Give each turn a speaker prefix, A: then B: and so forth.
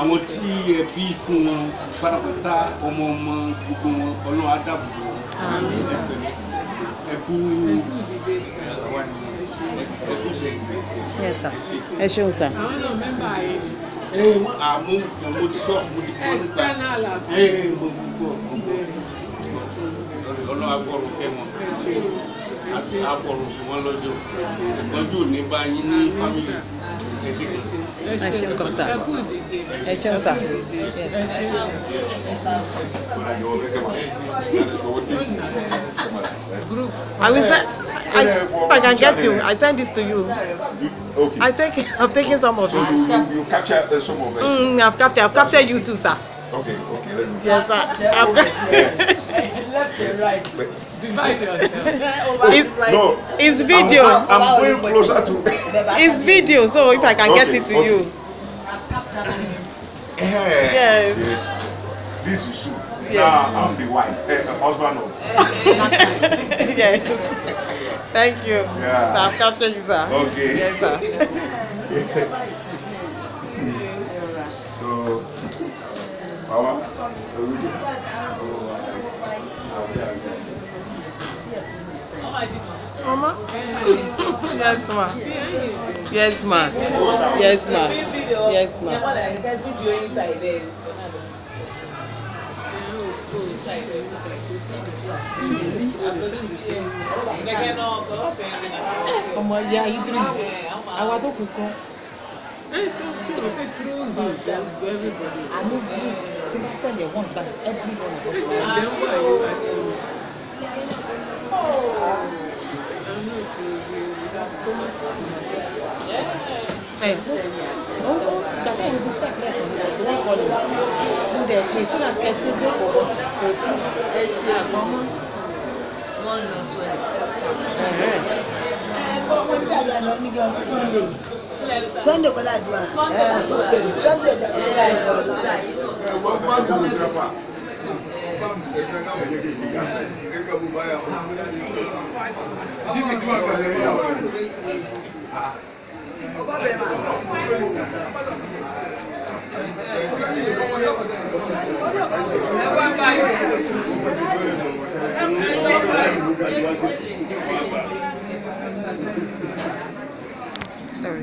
A: àwọn tí ẹ bí fún wọn pátápátá ọmọ ọmọ gbogbo wọn ọlọ́run á dáàbò wọn ẹ pẹ̀lú ẹ kú ẹ kú sẹ́yìn. ṣeun sà. ọlọ́run á kẹ́ wọn àti àpọ̀rọ̀ wọn lọ́jọ́ ìtọ́jú ò ní bá yín ní fámìlì ẹ ṣeun comme ça ẹ ṣeun ça yes. I will send, I, if I can get you, I send this to you. okay. I think I'm taking some of it. So you, you capture uh, some of it. Mm, I've captured, I've captured you too, sir. Okay, okay, let me. Yes, sir. I've, left and right. Divide yourself. no, it's video. I'm, I'm, I'm going closer to. it's video, so if I can okay, get it to okay. you. Eh, yes. yes. This is true. Yes. I'm the wife, uh, husband of. yes. Thank you. Yeah. Sir, I've captured you, sir. Okay. Yes, sir. so, power. Mama? yes, ma. Yes, ma. Yes, ma. Yes, ma. Yes ma. Yes ma. tó kù kan. Hey, so true. They throw you down to everybody. I know you. See, I said they want that. Everyone of us. Then why are you asking me? Oh. I know if you will without Thomas. Hey, oh, oh, that time you go start there. You won't call him. Do their place. Soon as I say, don't go. Hey, she, I'm mama. One knows where sunday àdúrà lọ níbi ọdún sunday kọ́lá àdúrà sunday àdúrà. ẹ̀wọ̀n bá dùn ìjọba Thank you. sorry.